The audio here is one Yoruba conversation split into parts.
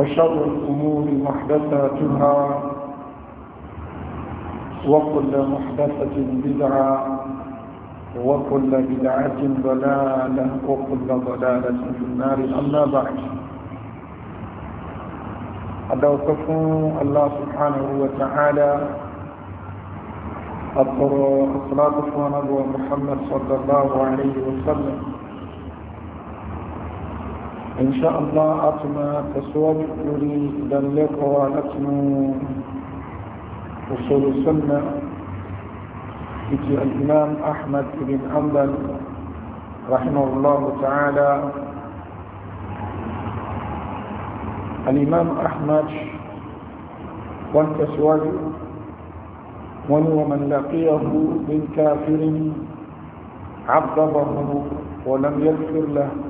وشر الأمور محدثاتها وكل محدثة بدعة وكل بدعة ضلالة وكل ضلالة في النار أما بعد أدعوكم الله سبحانه وتعالى أطر الصلاة والسلام محمد صلى الله عليه وسلم ان شاء الله اتما تسوال كوري دلق وانتنا وصول السنة اتي الامام احمد بن حنبل رحمه الله تعالى الامام احمد وانت سوال من ومن لقيه من كافر عذبه ولم يغفر له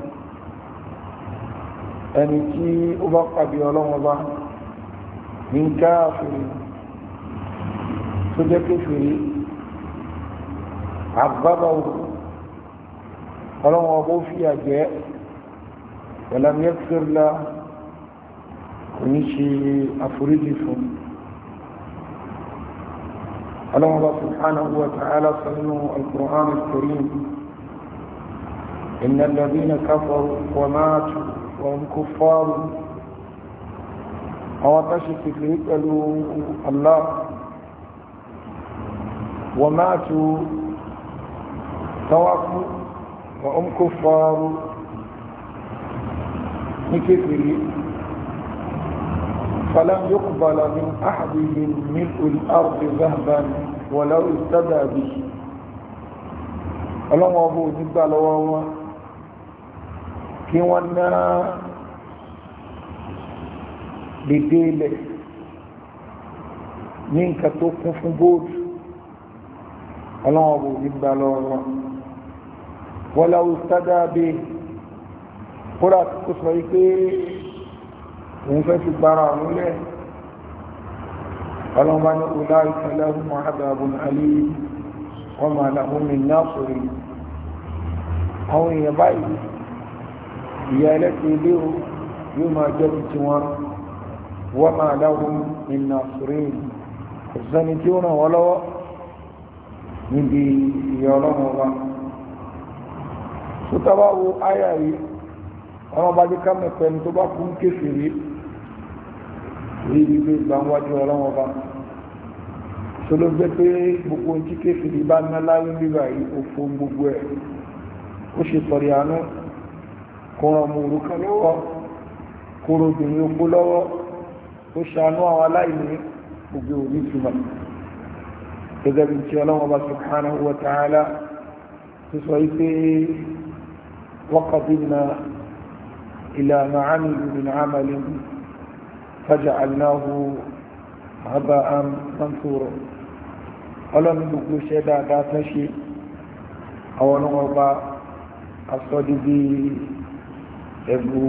ẹni tí ó bá pàdé ọlọ́wọ́n bá ní káàfìrí tó jẹ́ kéfìrí àbábáwò ọlọ́wọ́n bó fi àjẹ́ ẹ̀lámẹ́kìrìlá kò ní ṣe àforíjì fún الله سبحانه وتعالى صنعوا القرآن الكريم إن الذين كفروا وماتوا وهم كفار أو تشك يقبلوا الله وماتوا توفوا وهم كفار لكفر فلم يقبل من أحدهم ملء الأرض ذهبا ولو افتدى به ọlọ́wọ́ ọbọ̀ onígbà lọ́wọ́ wọn kí wọ́n ná dédé ilẹ̀ ní nǹkan tó kún fún góòdù ọlọ́wọ́ bò ní gbà lọ́wọ́ wọ́n láwọ́ sádà bí kódà kó sọ wípé òun fẹ́ fi gbára ọ̀run lẹ̀ ọlọ́wọ́ ní ọlá ìtàlẹ́hùn àdàbùn alẹ́ wọ́n máa mi náà sọ̀rọ̀ àwọn èèyàn báyìí ìyá ẹlẹ́sìn ilé o yóò máa jẹ́ ti tiwọn wọ́n máa dáhùn iná sùúrìn ìsẹ́ni tí ó ràn wọ́n lọ́wọ́ níbi ìyá ọlọ́run ọba tó tábà wo àyà yìí ọlọ́run bá jẹ́ ká mẹ́pẹ́ tó bá kú ń kéfèé rí ibi tó gbà ọlọ́run ọba tó ló jẹ́ pé gbogbo ohun tí kéfèé bá ná láyé bíbá yìí ó fún gbogbo ẹ̀ ó ṣe sọ̀rọ̀ àánú kó ran ọmọ òrukàn lọ́wọ́ kó ran obìnrin opó lọ́wọ́ ó ṣàánú àwọn aláìní gbogbo òní ìtumọ̀ gẹ́gẹ́ bí tí ọlọ́wọ́ bá subhanahu wa ta'ala ti sọ wípé وقضينا إلى ما عملوا من عمل فجعلناه هباء منثورا ọlọ́run gbogbo iṣẹ́ dáadáa tán ṣe àwọn ọlọ́wọ́ bá asọ́dí ẹ̀bù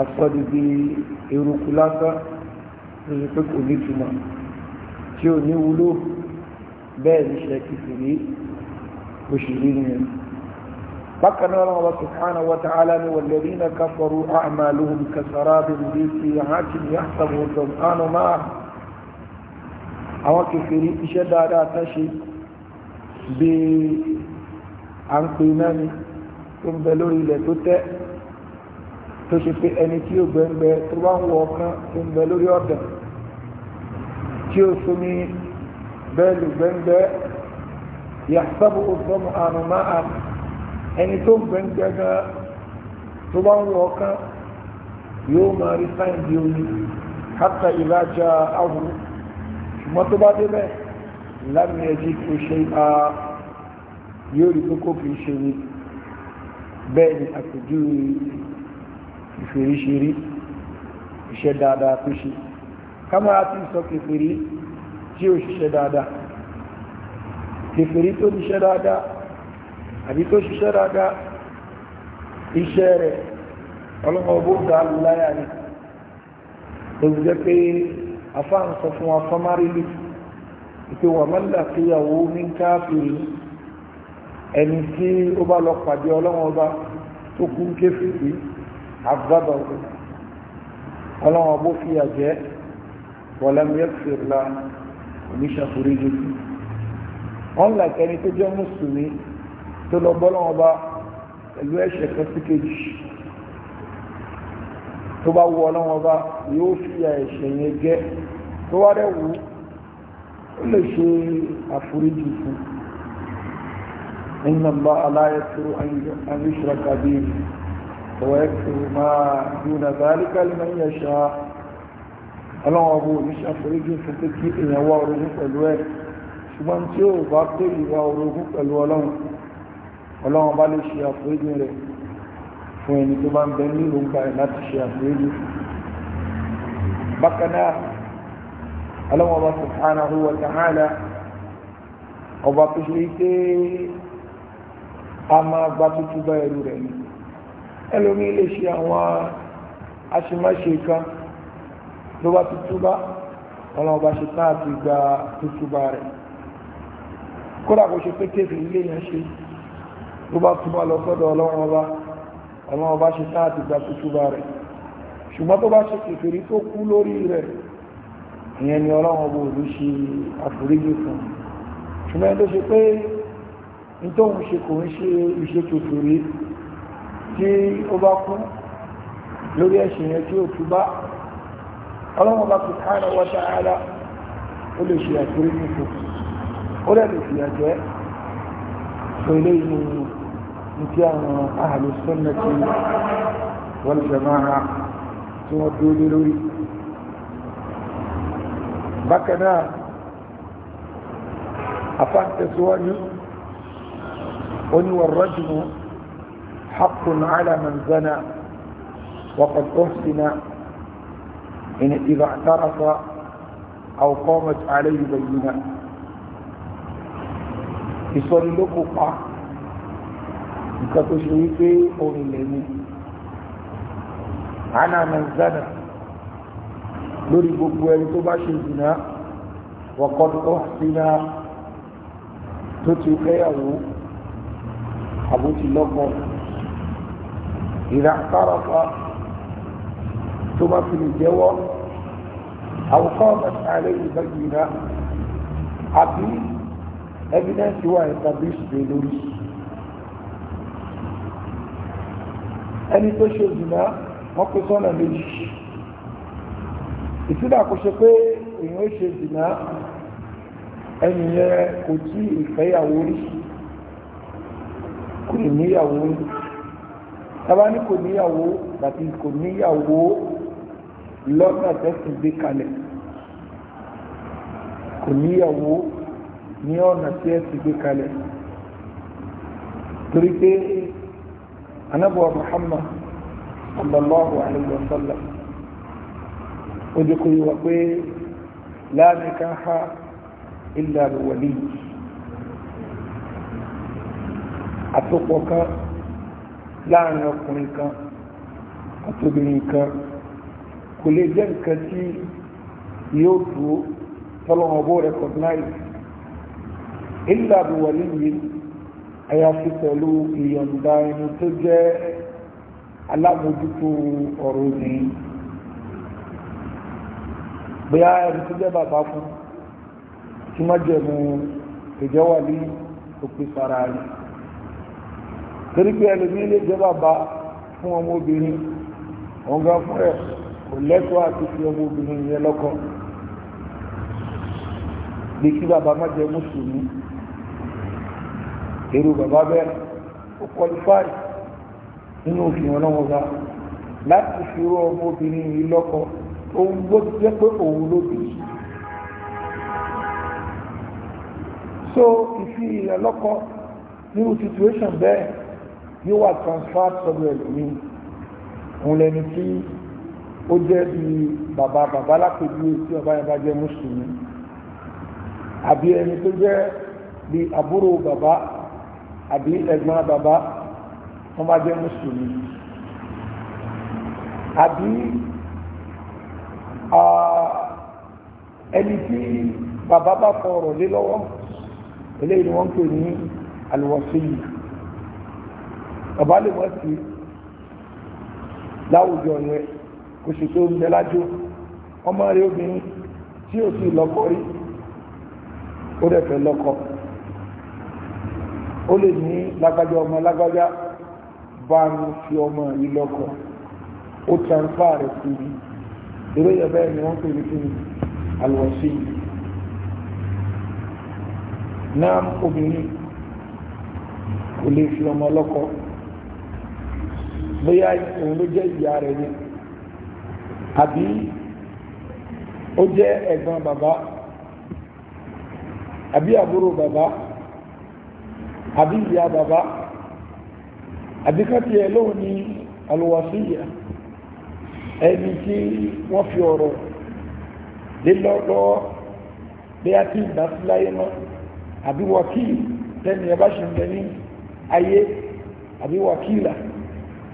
asọ́dí bí eruku lásán tó ṣe pé kò ní túmọ̀ tí ò ní wúlò bẹ́ẹ̀ ní ṣe kìkìrí òṣèré nìyẹn bákan náà Allah subhanahu wa ta'ala ni walladhina kafaru a'maluhum kasarabin bihi hatim yahsabuhu dham'anu ma'a àwọn kìkìrí iṣẹ́ dáadáa tán ṣe bí à ń pè náà ni tó ń bẹ lórí ilẹ̀ tó tẹ́ tó ṣe pé ẹni tí ó gbẹ̀ngbẹ̀ tó bá ń wọ ọkàn tó ń bẹ lórí ọ̀tẹ̀ tí ó sómi bẹ́ẹ̀lù gbẹ̀ngbẹ̀ yàtọ̀bù òsọ́mù àrùn máa àmì ẹni tó gbẹ̀ngbẹ̀ gan tó bá ń wọ ọkàn yóò máa rí sáyìn bí omi hátà ìlàjà ahùn ṣùgbọ́n tó bá débẹ̀ lámì ẹjí kò ṣe a yóò rí kókó kì í ṣe ni bẹ́ẹ̀ ni àpèjúwe ìfèríṣirí iṣẹ́ dáadáa tó ṣe kámọ́ra tí sọ kèfèrí tí ó ṣiṣẹ́ dáadáa kèfèrí tó ṣiṣẹ́ dáadáa àbí tó ṣiṣẹ́ dáadáa iṣẹ́ rẹ̀ ọlọ́mọbó dá láyà ni tó jẹ́ pé afáàn sọ fún wa fọ́márìlì ìpé wà mọ́lá tí yàwó ní káàfìrí ẹni tí ó bá lọ pàdé ọlọ́mọba tó kún kéfèrí àgbàbà òun ọlọ́run ọgbó fi àjẹ́ wọlẹ́mìẹ́fẹ̀ẹ́lá oníṣàforíjì wọn làkẹ́ni tó jẹ́ mùsùlùmí tó lọ bọ́lọ́wọ́n bá pẹ̀lú ẹ̀ṣẹ̀ kan sí kejì tó bá wù ọlọ́wọ́n bá yóò fi ẹ̀ṣẹ̀ yẹn jẹ́ tó wá rẹ̀ wù ó lè ṣe àforíjì fún ẹ̀yìn nàmbá aláyẹ̀tò àyíṣẹ́ kàbíyèsí ويكفر ما دون ذلك لمن يشاء ọlọ́wọ́ ọbọ̀ oníṣẹ́ àforíjì fún pé kí èèyàn wá orogún pẹ̀lú ẹ̀ ṣùgbọ́n tí ó bá pé ìwà orogún pẹ̀lú ọlọ́run ọlọ́run bá lè ṣe àforíjì rẹ̀ fún ẹni tó bá ń bẹ ní ìròǹgbà rẹ̀ láti ṣe àforíjì bákan náà ọlọ́wọ́ ọba ẹlòmí lè ṣe àwọn aṣemáṣe kan ló bá tútúbá ọlọ́wọ́ bá ṣe tán àti gba tútúbá rẹ̀ kódà kò ṣe pé kéfì ilé yẹn ṣe ló bá túbá lọ sọ́dọ̀ ọlọ́wọ́ bá ọlọ́wọ́ bá ṣe tán àti gba tútúbá rẹ̀ ṣùgbọ́n tó bá ṣe kéfìrí tó kú lórí rẹ̀ ìyẹn ni ọlọ́wọ́ bó ló ṣe àforíjì fún ṣùgbọ́n tó ṣe pé nítorí ṣe kò ń tí ó bá kú lórí ẹ̀ṣẹ̀ yẹn tí ó tú bá ọlọ́wọ́n bá fi káàrà wọ́ta ara ó lè ṣe àkúrí nìkú ó lè lè fìyà jẹ́ sọ ilé inú ní tí àwọn ahàlù sọ́nà tí wọ́n jẹ máa tí wọ́n tó lé lórí bákan afáǹtẹ̀síwájú ó ní wọ́n rọ́jùmọ́ حق على من زنى وقد أحسن إن إذا اعترف أو قامت عليه بينة ìsọ̀rí ló kó pa nǹkan tó ṣe wípé orin lè ní ana manzana lórí gbogbo ẹni tó bá ṣe ìdìnà wọ̀kọ́dọ̀ sínú tó ti fẹ́yàwó àbótí lọ́gbọ̀n إذا اعترف ثم في الجواب أو قامت عليه بينة عبي أبنى سواء تبريس بلوري ẹni tó ṣe jùlọ wọ́n kó sọ́nà méjì ìtúdà kò ṣe pé èyàn ó ṣe jùlọ ẹni yẹn ya tàbá ní kò níyàwó tàbí kò níyàwó lọ́nà tẹ́sìn gbé kalẹ̀ kò níyàwó ní ọ̀nà tí ẹ̀sìn gbé kalẹ̀ torí pé anábọ̀ Muhammad sallallahu alayhi wa sallam ó jẹ́ kó yíwa pé la nikaha illa àtòpọ̀ kan láàrin ọkùnrin kan àtòbìnrin kan kò lè jẹ́ nǹkan tí yóò dúró tọ́lọ́wọ́n bó recognize illa bi waliyi àyàfi pẹ̀lú ìyọ̀ǹda ẹni tó jẹ́ alámójútó ọ̀rọ̀ obìnrin bóyá ẹni tó jẹ́ bàbá fún tí má jẹ̀mú ìjẹ́wà òpin sára rẹ̀ torí pé ẹlòmí lè jẹ́ bàbá fún ọmọ obìnrin òun gan fún ẹ̀ kò lẹ́tọ́ àti fi ọmọ obìnrin yẹn lọ́kọ bí kí bàbá má jẹ́ mùsùlùmí èrò bàbá bẹ́ẹ̀ ó kọlifáì nínú òfin ọlọ́mọba láti fi rọ ọmọ obìnrin yìí lọ́kọ òun ló jẹ́ pé òun ló bì í so ìfi ìrẹ̀ nínú situation bẹ́ẹ̀ yóò wà transfer sọ́dọ̀ ẹ̀lòmí òun lẹni tí ó jẹ́ bí bàbá bàbá lápèjúwe tí ọba yẹn bá jẹ́ mùsùlùmí àbí ẹni tó jẹ́ bí àbúrò bàbá àbí ẹ̀gbọ́n bàbá wọ́n bá jẹ́ mùsùlùmí àbí ẹni tí bàbá bá fọ ọ̀rọ̀ lé lọ́wọ́ eléyìí ni wọ́n ń pè ní àlùwọ̀sí yìí bàbá lè mọ́ sí láwùjọ yẹn kò sì tó ń bẹ lájú ọmọ rẹ obìnrin tí ò sì lọ́kọ rí ó dẹ̀ fẹ́ lọ́kọ ó lè ní lágbájá ọmọ lágbájá bá ń fi ọmọ yìí lọ́kọ ó transfer rẹ̀ sí i ìwé yẹn ni wọ́n pè ní kíni àlùwọ̀sí náà obìnrin kò lè fi ọmọ lọ́kọ. bóyá òun ló jẹ́ ìyá rẹ̀ ni àbí ó jẹ́ ẹ̀gbọ́n bàbá àbí àbúrò bàbá àbí ìyá bàbá àbí káti ẹ̀ lóhun ní alùwàsíyà ẹni tí wọ́n fi ọ̀rọ̀ lé lọ́wọ́ bí a ti ìgbà sí láyé náà àbí wákìlì tẹ́ni bá ṣe ń bẹ ní ayé àbí wákìlà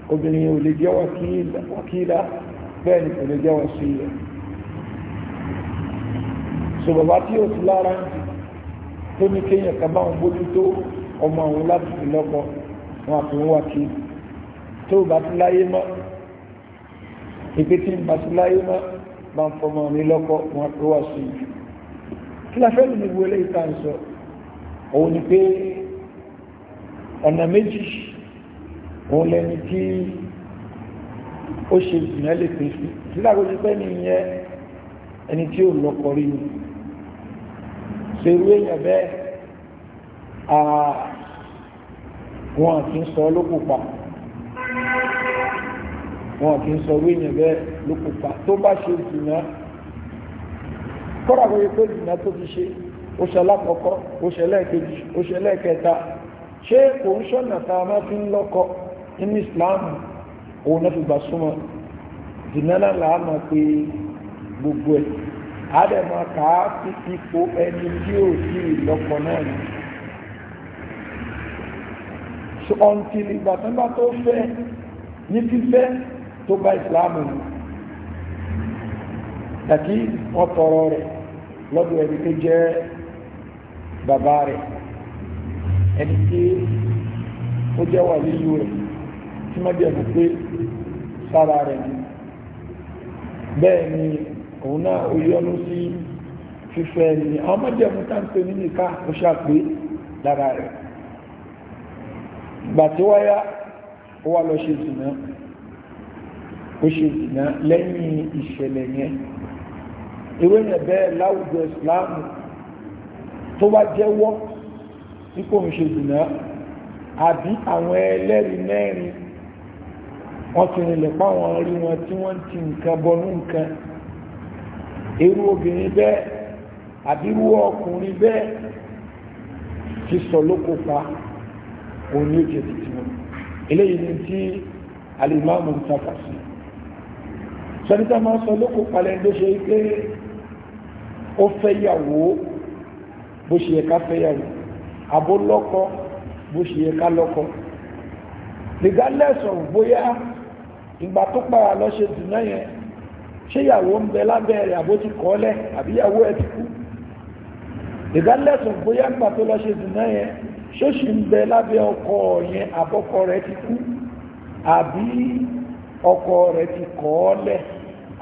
obìnrin ò lè jẹ́ wákìlá bẹ́ẹ̀ ni kò lè jẹ́ wọ́n sí ilẹ̀ so bàbá tí ó ti lára tó ní kéèyàn kan bá wọn bójú tó ọmọ àwọn láti fi lọ́pọ̀ wọn àfi wọn wákì tó bá ti láyé mọ́ ìpé tí bá ti láyé mọ́ bá ń fọmọ mi lọ́pọ̀ wọn àfi wá sí i kí la fẹ́ ní gbogbo eléyìí tá ń sọ òun ni pé ọ̀nà méjì òun lẹni tí ó ṣe ìsìnà lè pè sí sílágbójú pé ní ìyẹn ẹni tí ó lọ́kọ rí ni ṣerú èèyàn bẹ́ẹ̀ wọn kì í sọ lókù pa wọn kì í sọ orí èèyàn bẹ́ẹ̀ lókù pa tó bá ṣe ìsìnà kọ́ra kò yẹ pé ìsìnà tó ti ṣe ó ṣe alákọ̀ọ́kọ́ ó ṣe lẹ́ẹ̀kejì ó ṣe lẹ́ẹ̀kẹta ṣé kò ń ṣọ̀nà tá a máa fi ń lọ́kọ̀ọ́ nínú islam òun náà fi gbà súnmọ́ jìnnà làá máa pe gbogbo ẹ̀ àdẹ̀mọ̀ kà á sí ipò ẹni tí ò sí ìlọ́pọ̀ náà ni so until ìgbà tó bá tó fẹ́ ní fífẹ́ tó bá islam ni tàbí wọ́n tọrọ rẹ̀ ẹni tó jẹ́ bàbá rẹ̀ ẹni tí ó jẹ́ wà lílu rẹ̀ tí mọ́ jẹ́ pé sára rẹ̀ ni bẹ́ẹ̀ ni òun náà ó yọnu sí fífẹ́ ni àwọn mọ́jẹ̀mú táǹpé ní nìka ó ṣàpé lára rẹ̀ ìgbà tí wáyá ó wá lọ ṣe ìsìnà ó ṣe ìsìnà lẹ́yìn ìṣẹ̀lẹ̀ yẹn ìwé yẹn bẹ́ẹ̀ láwùjọ ìsìláàmù tó bá jẹ́wọ́ ní kò ń ṣe ìsìnà àbí àwọn ẹlẹ́rìí mẹ́rin wọ́n fi rìnlẹ̀ páwọn rí wọn tí wọ́n ti nǹkan bọnú nǹkan irú obìnrin bẹ́ẹ̀ àbírú ọkùnrin bẹ́ẹ̀ ti sọ lóko pa òun ní òjò títí wọn eléyìí ni tí alìmáàmù ń tàkà sí sọ́nítà máa sọ lóko palẹ̀ ló ṣe pé ó fẹ́yàwó bó ṣe yẹ ká fẹ́yàwó abó lọ́kọ bó ṣe yẹ ká lọ́kọ regardless of bóyá ìgbà tó para lọ ṣe dùnà yẹn ṣé ìyàwó ń bẹ lábẹ́ rẹ̀ àbó ti kọ́lẹ̀ àbí ìyàwó ẹ̀ ti kú ìdálẹ́sùn bóyá ìgbà tó lọ ṣe dùnà yẹn ṣó ṣì ń bẹ lábẹ́ ọkọ yẹn àbọ́kọ rẹ̀ ti kú àbí ọkọ rẹ̀ ti kọ́lẹ̀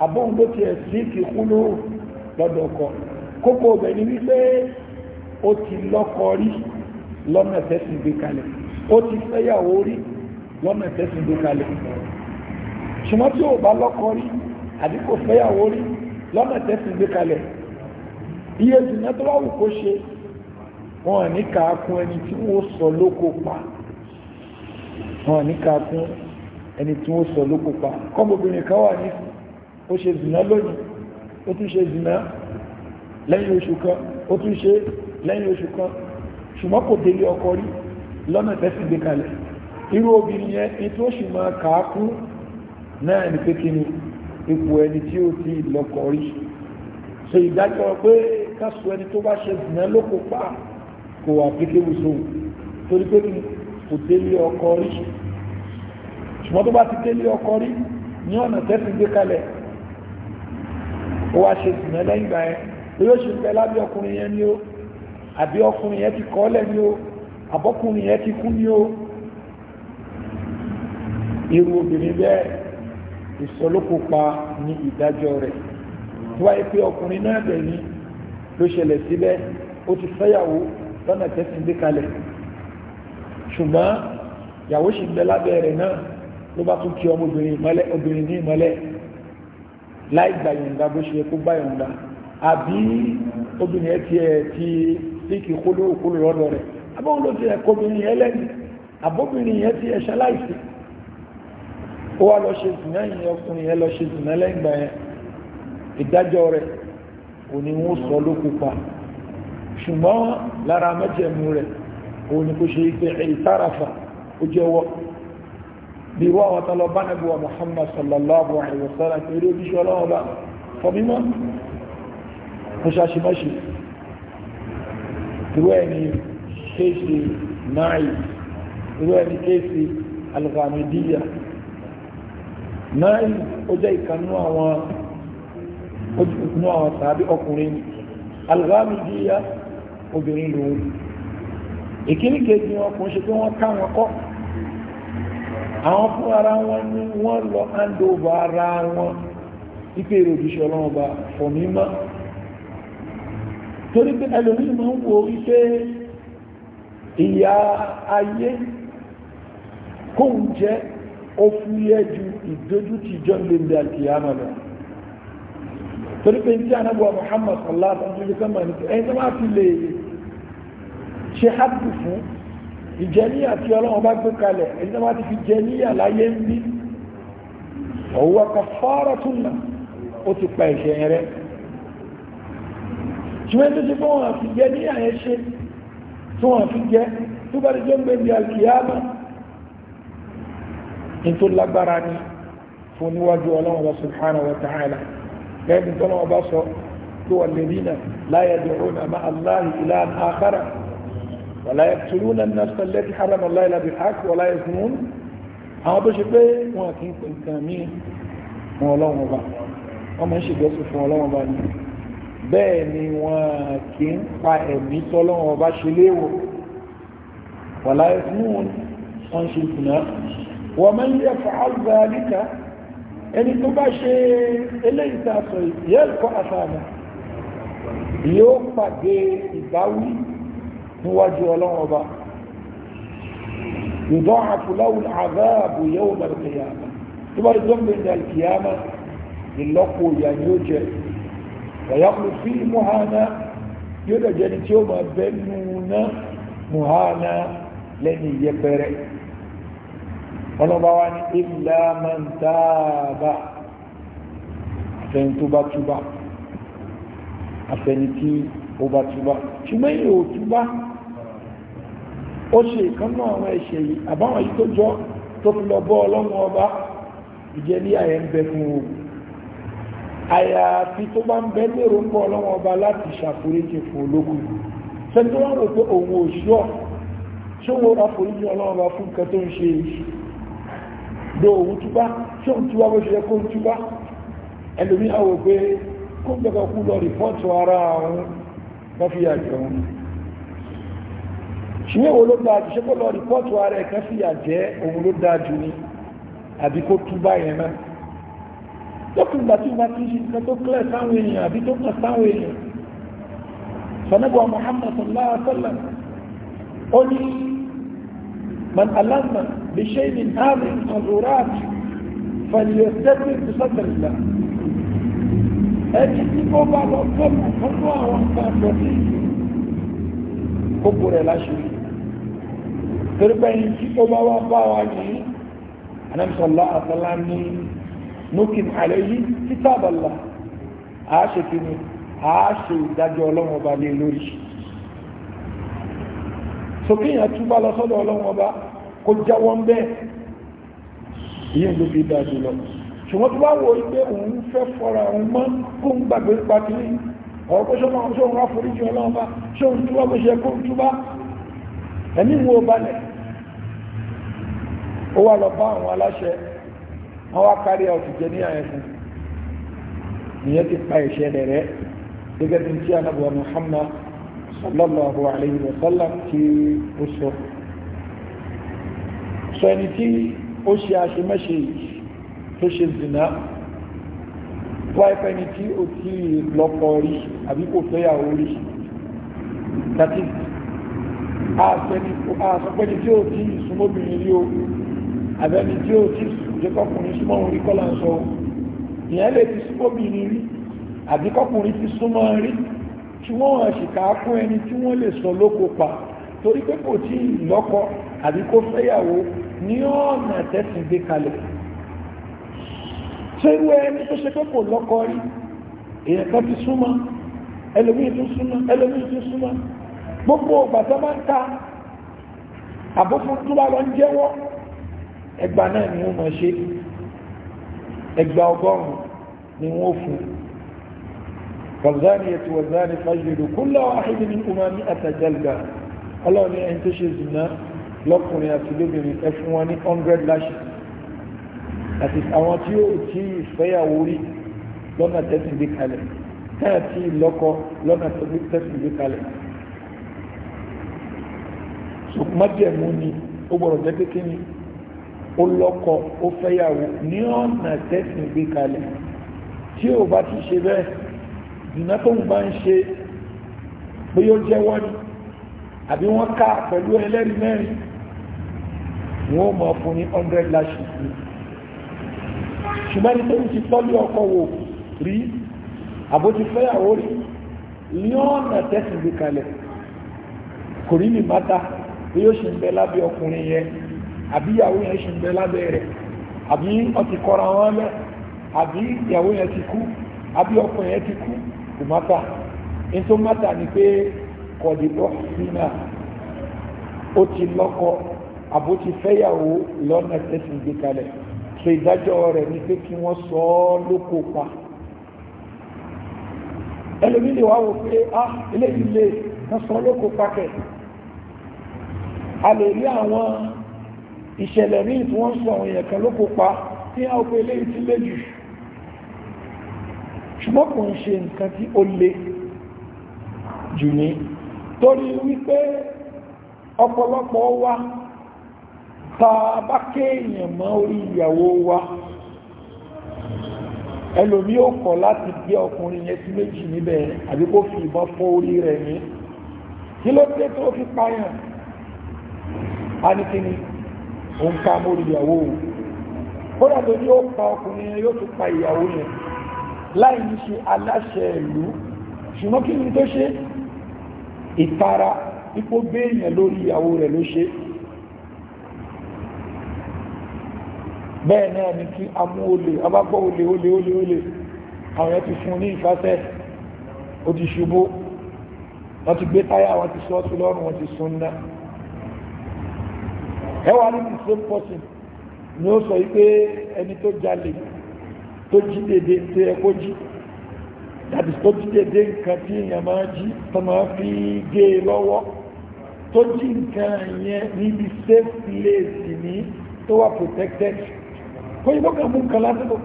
àbóǹgbò tiẹ̀ sí kíkú lóhùn lọ́dọ̀ kókó ọbẹ̀ ni wípé ó ti lọ́kọ rí lọ́nà ẹ̀fẹ́ sì gbé kalẹ̀ ó ti fẹ́yàwó rí lọ́nà ẹ̀fẹ́ sì gbé kalẹ̀ ṣùgbọ́n tí ò bá lọ́kọ rí àbí kò fẹ́yàwó rí lọ́nà tẹ́sí gbé kalẹ̀ iye ìdùnnà tó wà wù kó ṣe wọn ní kàákún ẹni tí wọ́n sọ lóko pa wọn ní kàákún ẹni tí wọ́n sọ lóko pa kọ́mọbìnrin kan wà ní ó ṣe zìnà lónìí ó tún ṣe zìnà lẹ́yìn oṣù kan ó tún ṣe lẹ́yìn oṣù kan ṣùgbọ́n kò délé ọkọ rí lọ́nà tẹ́sí gbé kalẹ̀ irú obìnrin yẹn ni tó ṣì máa kàákún náà ní pé kí ni ipò ẹni tí ó ti lọ́kọ rí so ìdájọ́ pé kásù ẹni tó bá ṣe zìnà ló kó pa kò wà píkéwù sóhùn torí pé kò délé ọkọ rí ṣùgbọ́n tó bá ti délé ọkọ rí ní ọ̀nà tẹ́sí gbé kalẹ̀ ó wá ṣe zìnà lẹ́yìn ìgbà yẹn yóò ṣe pẹ́ lábẹ́ ọkùnrin yẹn ni ó àbí ọkùnrin yẹn ti kọ́lẹ̀ ni ó àbọ́kùnrin yẹn ti kú ni ó irú obìnrin bẹ́ẹ̀ ìsọlókópa ní ìdájọ́ rẹ̀ tó wáyé pé ọkùnrin náà bẹ̀ ní ló ṣẹlẹ̀ síbẹ̀ ó ti fẹ́yàwó lọ́nà tẹ́sí gbé kalẹ̀ ṣùgbọ́n ìyàwó sì bẹ lábẹ́ rẹ̀ náà ló bá tún kí ọmọ obìnrin ní ìmọ́lẹ̀ láì gbà yọ̀ǹda bó ṣe kó gbà yọ̀ǹda àbí obìnrin ẹ ti ẹ ti síkì kólóòkóló lọ́dọ̀ rẹ̀ ló ti ẹ kóbìnrin yẹn lẹ́nu àbóbìnrin yẹn ti ẹ ṣaláìsí ó wá lọ ṣe zìnà yìí ọkùnrin yẹn lọ ṣe zìnà lẹ́gbà yẹn ìdájọ́ rẹ̀ òní wọ́n sọ ló pupa ṣùgbọ́n lára mẹ́jẹ̀mú rẹ̀ òní kò ṣe ife ìtarafa ó jẹ́wọ́ bí wọ́n àwọn tọ́lọ bá nẹ́bí wa Muhammad sallallahu alaihi wa sallam pé eré oníṣẹ́ ọlọ́run bá fọ mímọ́ kò ṣàṣìmọ́ṣì irú ẹni kéèsì náà irú ẹni kéèsì alghamidiya náírì ó jẹ́ ìkanú àwọn ojúkùnú àwọn tàbí ọkùnrin alùbámidíyà obìnrin lòun ìkíní kejì wọn kò ń ṣe pé wọ́n ká wọn kọ́ àwọn fún ara wọn ní wọ́n lọ ándóòbò ara wọn ipe ìròdìṣẹ́ ọlọ́run ọba fọ̀mímọ́ torí pé ẹlòmí ma ń wo wípé ìyà ayé kóhun jẹ́ ó fúyẹ́ ju ìdójútì jọ́ lèdè àkìyàmà lọ torí pé tí anábọ̀ Muhammad sallallahu alaihi wasallam ní ẹni tó máa fi lè ṣe hàbù fún ìjẹníyà tí ọlọ́run bá gbé kalẹ̀ ẹni tó máa ti fi jẹníyà láyé ń bí ọ̀wọ́ kàfàrà tún nà ó ti pa ẹ̀ṣẹ̀ rẹ̀ ṣùgbọ́n tó ṣe fún wọn fi jẹníyà yẹn ṣe fi jẹ tó bá ti jẹ́ ń gbé bí alkiyama tó lágbára ní fún níwájú ọlọ́wọ́ba subhanahu wa ta'ala gẹ́gẹ́ tó lọ́wọ́ bá sọ tó wà lè dínà láyé dùrún àmà aláhi ilá àkàrà wàlá yẹ tùrú na nàfẹ́ lẹ́tí haram aláhi lábí àkù wàlá yẹ fún un àwọn tó ṣe pé wọn kì í pè nǹkan mí fún ọlọ́wọ́ba wọn máa ń ṣe gẹ́sù fún ọlọ́wọ́ba ni bẹ́ẹ̀ ni wọn kì í pa ẹ̀mí tọ́lọ́wọ́ba ṣe léwọ̀ wàlá fún un wọn ṣe kùnà wọ́n mẹ́ lè fọ́ alùbáríkà ẹni tó bá ṣe eléyìí tá a sọ yẹ́lùkọ́ àṣàmà yóò pàdé ìbáwí níwájú ọlọ́run ọba yìdán àfúláwùn àzáàbò yẹ́wò mẹ́rẹ̀kẹ̀yàmà tó bá jọ́ mẹ́rin alkiyama ìlọ́pọ̀ yóò dẹ̀ jẹni tí ó máa bẹ́ nù náà muhana lẹ́ni ìyẹpẹrẹ ọlọ́ba wa ní illa man taaba àfẹni tó bá túbá àfẹni tí ó bá túbá ṣùgbọ́n yìí ò túbá ó ṣe ìkánná àwọn ẹ̀ṣẹ̀ yìí àbáwọn yìí tó jọ tó fi lọ bọ́ ọlọ́run ọba ìjẹ́ ní àyẹ̀ ń bẹ fún o àyàfi tó bá ń bẹ lérò ń bọ́ ọlọ́run ọba láti ṣàforíjì fún olókùn sẹ́ni tó wọ́n rò pé òun ò ṣọ́ ṣé wọ́n ra foríjì ọlọ́run ọba fún nǹkan tó ń ṣe yìí do òun túbá tí òun túbá bó ṣe yẹ kó túbá ẹlòmí àwọ̀ pé kó gbẹ́gbẹ́ kú lọ rìpọ́ọ̀tù ara àwọn mọ́fíà jẹun ṣíwé wo ló dáa jù ṣé kó lọ rìpọ́ọ̀tù ara ẹ̀kan fìyà jẹ́ òun ló dáa jù ni àbí kó túbá yẹn náà lọ́kùn ìgbà tí ti ṣe nǹkan tó kílẹ̀ sáwọn èèyàn àbí tó kàn sáwọn èèyàn sọ̀nẹ́bọ̀ Muhammad sallallahu alaihi wa sallam ó ní من ألم بشيء من هذه التضررات فليستدرك بصدر الله ẹni tí kò bá lọ fẹ́mù fẹ́mù àwọn ìtàkùn ní kókò rẹ̀ láṣìírí torípẹ́yìn tí kò bá wá bá wá ní anamsọ̀lá àtàlá ní nókìn àlẹ́yí títàbàlá àáṣe kìíní àáṣe ìdájọ́ ọlọ́run ọba lé lórí sókè ya túbá lọ sọ́dọ̀ ọlọ́run ọba kó jáwọ́ ń bẹ́ẹ̀ ìyẹn ló fi dá jùlọ ṣùgbọ́n tó bá wo pé òun fẹ́ fọ́ra òun mọ́ kó ń gbàgbé pàtìlì ọ̀rọ̀ pé ṣọ́mọ́ ṣóhun ráforíjì ọlọ́run bá ṣóhun túbá bó ṣe kó ń túbá ẹ̀mí wo balẹ̀ ó wà lọ bá àwọn aláṣẹ wọn wá kárí ọ̀tìjẹ ní àyẹ̀fún ìyẹn ti pa ìṣẹ̀lẹ̀ rẹ̀ gẹ́gẹ́ bí tí anábọ̀ Muhammad sallallahu alayhi wa sallam tí ó sọ sọ ẹni tí ó ṣe àṣemáṣe tó ṣe zina wáyé ni tí ó ti lọ́kọ rí àbí kò fẹ́yàwó rí tàbí àṣọpẹ́ni tí ó ti súnmọ́bìnrin rí o àbẹ́ni tí ó ti jẹ́kọ́kùnrin súnmọ́rún rí kọ́lá ń sọ ìyẹn lè ti súnmọ́bìnrin rí àbí kọ́kùnrin ti súnmọ́ rí tí wọ́n hàn ṣìkà fún ẹni tí wọ́n lè sọ lóko pa torí pé kò tí ì lọ́kọ àbí kó fẹ́yàwó ní ọ̀nà tẹ́sí gbé kalẹ̀ ṣerú ẹni tó ṣe pé kò lọ́kọ rí èèyàn kan ti súnmọ́ ẹlòmíì tún súnmọ́ ẹlòmíì tún súnmọ́ gbogbo ọgbà tó bá ń ta àbófún tó bá lọ ń jẹ́wọ́ ẹgbà náà ni wọ́n mọ̀ ṣe ẹgbà ọgọ́rùn-ún ni wọ́n fún un فالزانية والزاني فجلوا كل واحد منكما مئة جلدة الله ni ẹni tó ṣe zina lọ́kùnrin àti lóbìnrin ẹ fún wọn ní 100 lashes àti àwọn tí ó tí ìfẹ́yàwó rí lọ́nà tẹ́sìn gbé kalẹ̀ náà tí ìlọ́kọ lọ́nà tẹ́sìn gbé kalẹ̀ májẹ̀mú ni ó gbọ́dọ̀ jẹ́ pé kíni ó lọ́kọ ó fẹ́yàwó ní ọ̀nà tẹ́sìn gbé kalẹ̀ tí ó bá ti ṣe bẹ́ẹ̀ ìná tó ń bá ń ṣe pé yóò jẹ́wọ́ ni àbí wọ́n ká pẹ̀lú ẹlẹ́rìí mẹ́rin wọ́n mọ̀ fún ní 100 lashes ní ṣùgbọ́n ní tó ń ti tọ́lú ọkọ̀ wò rí àbó ti fẹ́yàwó rí ní ọ̀nà tẹ́sì gbé kalẹ̀ kò rí ní mátà bí ṣe ń bẹ lábẹ́ ọkùnrin yẹn àbí ìyàwó yẹn ṣe ń bẹ lábẹ́ rẹ̀ àbí ó ti kọra wọn lẹ́ àbí ìyàwó yẹn ti kú àbí ọkùnrin yẹn ti kú kò mátà nítorí mata ni pé kọ̀dì ọ́fìnà ó ti lọ́kọ àbó ti fẹ́yàwó lọ́nà tẹ̀sìn gbé kalẹ̀ so ìdájọ́ rẹ̀ ni pé kí wọ́n sọ ọ́ lóko pa ẹlòmí lè wò pé ah eléyìí lè wọ́n sọ lóko pakẹ̀ a lè rí àwọn ìṣẹ̀lẹ̀ míì tí wọ́n sọ àwọn èèyàn kan lóko pa ní àwọn eléyìí ti lé jù ṣùgbọ́n kò ń ṣe nǹkan tí ó le jù ní torí wípé ọ̀pọ̀lọpọ̀ wa ta bá kéèyàn mọ́ orí ìyàwó wa ẹlòmí ò kọ̀ láti gbé ọkùnrin yẹn sí méjì níbẹ̀ àbí kó fi ìbọn fọ́ orí rẹ̀ ní kí ló dé tó fi pààyàn a ní kí ni ìyàwó kódà tó ní ó pa ọkùnrin yẹn yóò tún pa ìyàwó yẹn láì ní ṣe aláṣẹ ìlú ṣùgbọ́n kí ni tó ṣe ìtara ipò béèyàn lórí ìyàwó rẹ̀ ló ṣe bẹ́ẹ̀ náà ni kí a mú olè abágbọ́ olè olè olè olè àwọn ti fún ní ìfásẹ́ ó ti ṣubú wọ́n ti gbé táyà wọ́n ti sọ́ọ́tù lọ́rùn wọ́n ti sún ẹwà ní the same person ni ó sọ wípé ẹni tó jalè tó jí dédé tó yẹ kó jí tàbí tó jí dédé nǹkan tí èèyàn máa jí tó máa fi gé e lọ́wọ́ tó jí nǹkan yẹn níbi safe place ní tó wà protected kó yìí lọ́kàn mú nǹkan lásìkò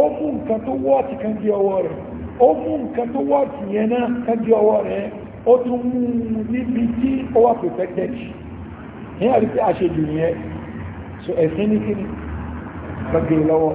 ó mú nǹkan tó wọ́ọ̀tì kan gé ọwọ́ rẹ̀ ó mú nǹkan tó wọ́ọ̀tì yẹn náà kan gé ọwọ́ rẹ̀ ó tún mú un níbi tí ó wà protected ní àríkí àṣejù yẹn so ẹ̀sìn ní kíni gbàgbé e lọ́wọ́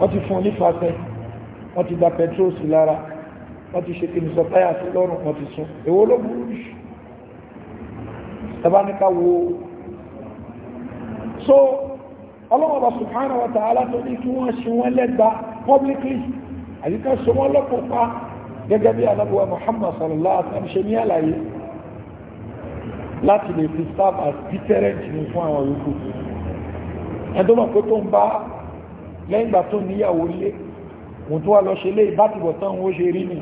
wọ́n ti fún onífàṣẹ wọ́n ti gba petrol sí lára wọ́n ti ṣe kí ní sọtáyà sí lọ́rùn wọ́n ti sún èwo ló burú jù tàbá ní ká wo so ọlọ́wọ́n subhanahu wa ta'ala tó ní kí wọ́n ṣe wọ́n lẹ́gba publicly àyíká so wọ́n lọ́pọ̀ pa gẹ́gẹ́ bí alábùwà Muhammad sallallahu alaihi wa sallam ṣe ní àlàyé láti lè fi serve as deterrent ní fún àwọn yòókù ẹ̀dọ́mọ̀ pé tó ń bá lẹ́yìn ìgbà tó níyàwó lé òun tó wá lọ ṣe lé ìbátìbọ̀ tán ó ṣe rí ni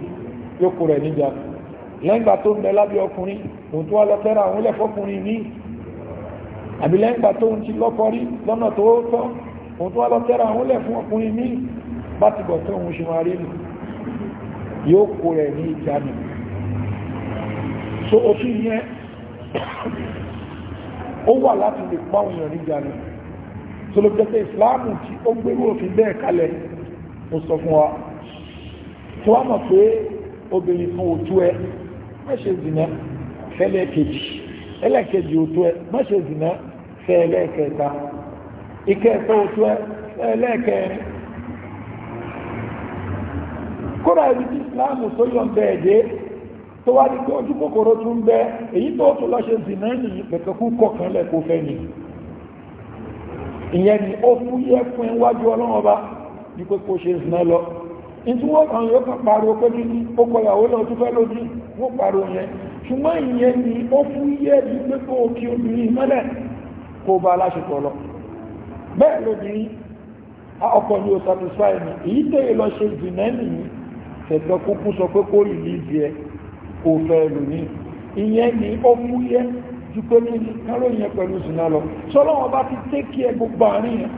yóò kó rẹ̀ níjà lẹ́yìn ìgbà tó ń bẹ lábẹ́ ọkùnrin òun tó wá lọ fẹ́ra àwọn ẹlẹ́fọ́kùnrin ní àbí lẹ́yìn ìgbà tó ń ti lọ́kọ rí lọ́nà tó tọ́ òun tó wá lọ fẹ́ra àwọn ẹlẹ́fún ọkùnrin ní bátìbọ̀ tán òun ṣe máa rí ni yóò kó rẹ̀ ní ìjà ni so òfin yẹn ó wà láti lè pàwọn sọlọ jẹ́ pé ìsìláàmù tí ó gbérú òfin bẹ́ẹ̀ kalẹ̀ ó sọ fún wa tí wọ́n mọ̀ pé obìnrin kan ò tó ẹ má ṣe zìnà fẹ́lẹ́ kejì ẹlẹ́kejì ò tó ẹ má ṣe zìnà fẹ́lẹ́ kẹta ìkẹta ò tó ẹ fẹ́lẹ́ kẹrin kódà ibi tí ìsìláàmù tó yọ̀ ń bẹ́ẹ̀ dé tó wá ní pé ojú kòkòrò tún bẹ́ èyí tó tó lọ zìnà nìyí pẹ̀kẹ́kú kọ̀ọ̀kan lẹ̀ kó fẹ́ nìyí ìyẹn ni ó fún yẹ fún iwájú ọlọ́wọ́ bá ní pé kó ṣe ìsìná lọ ìtúwọ́ kan yóò kàn pariwo pé ní ó kọyàwó lọ tó fẹ́ lójú wọ́n pariwo yẹn ṣùgbọ́n ìyẹn ni ó fún yẹ bí pé kó kí obìnrin mọ́lẹ̀ kó bá aláṣepọ̀ lọ ni ó satisfy ni èyí tẹ́ lọ ṣe jìnà nìyí ẹ̀tọ́ kúkú sọ pé kó rìlíìsì ẹ kó fẹ́ lónìí ìyẹn ni ó fún ju pé kí ni káròyìn ẹ pẹ̀lú zina lọ sọ́lọ́wọ́n bá ti tẹ́kì ẹ gbogbo àárín yẹn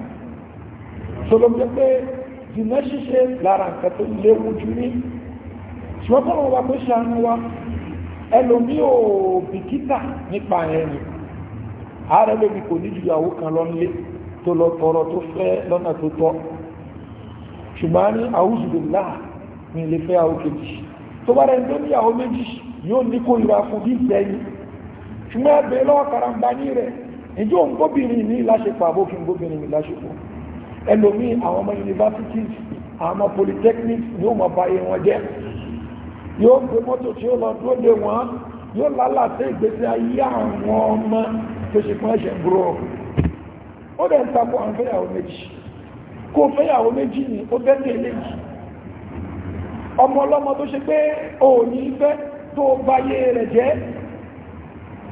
sọlọ́pẹ́ pé zina ṣíṣe lára nǹkan tó léwu jù ní ṣùgbọ́n kọ́lọ́wọ́n bá pé ṣàánú wa ẹlòmí ò bìkítà ni ààrẹ lóbi kò ní ìyàwó kan lọ nílé tó lọ ní àwọn méjì yóò ní kó ìrà fún bí ìtẹ́yìn ṣùgbọ́n ẹgbẹ́ lọ́wọ́ karambà ní rẹ̀ ìjọ ń gbóbìnrin ní láṣepọ̀ àbófin gbóbìnrin ní láṣepọ̀ ẹlòmí àwọn ọmọ universities àwọn polytechnics ni ó mọ̀ báyé wọn jẹ́ yóò gbé mọ́tò tí ó lọ dúró lé wọn yóò lálàtẹ́ ìgbésí ayé àwọn ọmọ tó ṣe fún ẹ̀ṣẹ̀ gbúrọ̀ ó dẹ̀ ń takò àwọn fẹ́yàwó méjì kó fẹ́yàwó méjì ni ó bẹ́ tẹ̀lé yìí ọmọ ọlọ́mọ tó ṣe pé òní fẹ́ tó báyé rẹ̀ jẹ́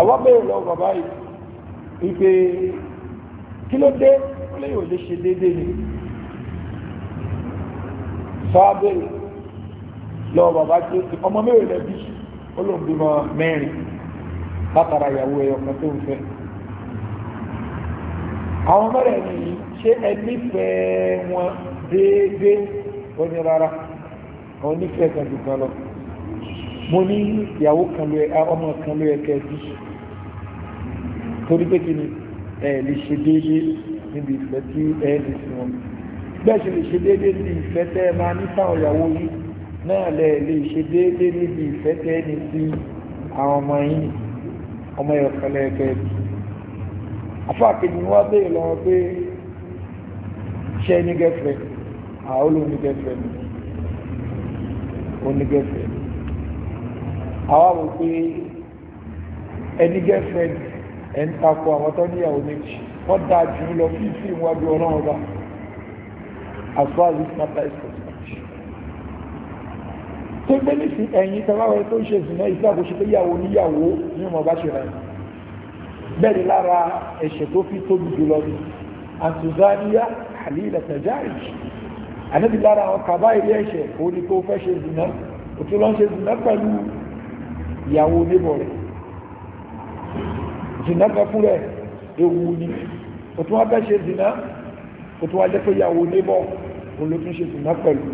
àwọn bẹ́ẹ̀ lọ bàbá yìí wípé kí ló dé lẹ́yìn ò lè ṣe déédé ni sáábẹ̀ lọ bàbá tí ó ti ọmọ mẹ́rin lẹ́bí olóògbìmọ̀ mẹ́rin látara ìyàwó ẹ̀yọ̀ kan tó ń fẹ́ àwọn mẹ́rin ni ṣé ẹni fẹ́ wọn déédé ó ní rárá àwọn kan jù kan lọ mo ní ìyàwó kan ló ẹ ọmọ kan ló ẹ kẹ bí torí pé ni ẹ lè ṣe déédéé níbi ìfẹ́ tí ẹ lè fi wọn bẹ́ẹ̀ ṣe lè ṣe déédéé ní ìfẹ́ tẹ́ ẹ máa ní sáwọn ìyàwó yìí náà lẹ lè ṣe déédéé níbi ìfẹ́ tẹ́ ẹ ní sí àwọn ọmọ yìí ọmọ ẹ̀kọ́ lẹ́ẹ̀kẹ́ bí afọ àkejì ni wọ́n béèrè lọ́wọ́ pé ṣé ní gẹ́fẹ̀ẹ́ àwọn olóhùn ní ní ó ní àwa wò pé ẹni girlfriend ẹ̀ ń takò àwọn tó níyàwó méjì wọ́n dá jù lọ fún sí ìwádìí ọlọ́run ọba as far as this matter is concerned. tó gbé ní sí ẹ̀yìn tẹ́láwọ̀ tó ń ṣe ìsìnà ìsìláàbò ṣe pé yàwó níyàwó ní ọmọ bá ṣe rẹ̀ bẹ́ẹ̀ lára ẹ̀ṣẹ̀ tó fi tóbi jùlọ ni àtúnzáníyá àlílẹ̀ tẹ̀jáì ànábi lára àwọn kàbá ilé ẹ̀ṣẹ̀ òní tó fẹ́ ṣe ìsìnà òtún lọ́n ṣe ìsìnà pẹ̀lú ìyàwó oníbọ̀ rẹ̀ zina kan fún rẹ̀ ewu ni o tún wá fẹ́ ṣe zina o tún wá jẹ́ pé ìyàwó oníbọ̀ òun ló tún ṣe zina pẹ̀lú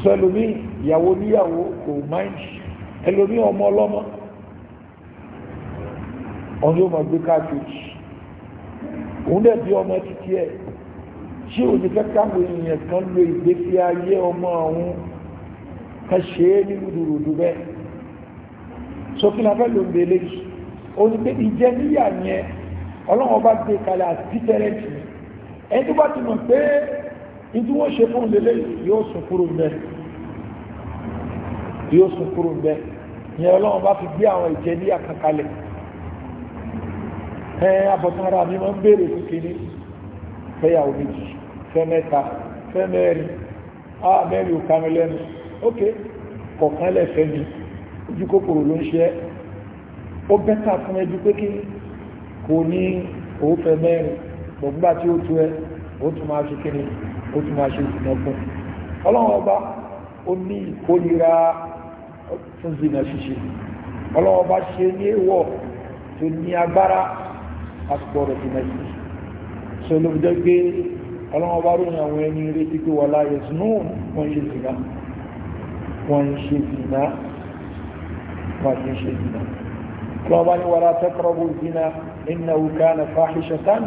sọ ẹlòmí ìyàwó oníyàwó kò mind ẹlòmí ọmọ ọlọ́mọ ọ̀n yóò máa gbé káàkiri òun dẹ̀ bí ọmọ títí ẹ̀ ṣé o ti fẹ́ káwọn èèyàn kan lo ìgbésí ayé ọmọ ọ̀hún kan ṣe é ní rúdurùdu bẹ́ẹ̀ sókí la fẹ́ ló ń belé yìí ó ní pé ìjẹ níyà yẹn ọlọ́run bá gbé kalẹ̀ àti tẹ́rẹ̀tì ẹni tó bá ti mọ̀ pé ní tí wọ́n ṣe fún lélẹ̀ yóò sùn kúrò ń bẹ́ yóò sùn kúrò ń bẹ́ yẹn ọlọ́run bá fi gbé àwọn ìjẹ níyà kan ẹ abọ̀tán ara mi máa ń béèrè fún kínní fẹ́yàwó méjì fẹ́ mẹ́ta fẹ́ mẹ́rin á ah, mẹ́rin ò kámi lẹ́nu ok kọ̀ọ̀kan lẹ́fẹ̀ẹ́ mi ojú kòkòrò ló ń ṣe ẹ́ ó bẹ́ta fún ẹjú pé kí kò ní òófẹ́ mẹ́rin gbọ̀gbà tí ó tú ẹ ó tún máa ṣe kíni ó tún máa ṣe ìsìnà fún ọlọ́run ọba ó ní ìkórira fún zina ṣíṣe ọlọ́run ọba ṣe ní èèwọ̀ tó ní agbára àsìkò ọ̀rọ̀ zina ṣíṣe so ló fi jẹ́ pé ọlọ́run ọba ròyìn àwọn ẹni retí pé wọ́n láyé snow wọ́n ṣe zina wọ́n ṣe zina wọn kì í ṣe zina kí wọn bá ní wàlá taqrabu zina innahu kana fahishatan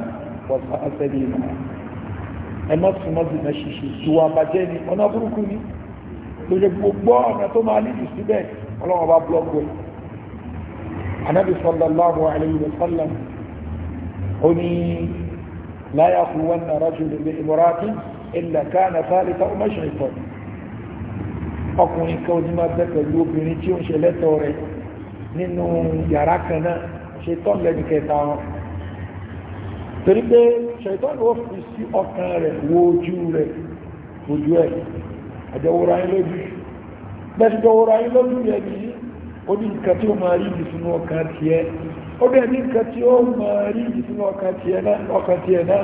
wa sa'a sabila ẹ má súnmọ́ zina ṣíṣe ìwà àbàjẹ́ ni ọ̀nà burúkú ni lóye gbogbo ọ̀nà tó máa nídìí síbẹ̀ ọlọ́wọ́n bá búlọ́ọ̀kù ẹ̀ anabi sallallahu alayhi wa sallam ó ní la yaquwanna rajulun bi imra'atin illa kana thalitha umma shaytan ọkùnrin kan ní máa bẹ pẹ̀lú obìnrin tí ó ń ṣe lẹ́tọ̀ rẹ̀ nínú yàrá kan náà ṣe tọ́ lẹ́nu kẹta wọn torí pé ṣẹ̀tọ́ ni ó fi sí ọkàn rẹ̀ wo ojú rẹ̀ ojú ẹ̀ àjọwòrán yín lójú lẹ́sìjọwòrán yín lójú rẹ̀ ní ó ní nǹkan tí ó máa rí ìdí sínú ọkàn tiẹ̀ ó bẹ̀ ní nǹkan tí ó máa rí ìdí sínú ọkàn tiẹ̀ náà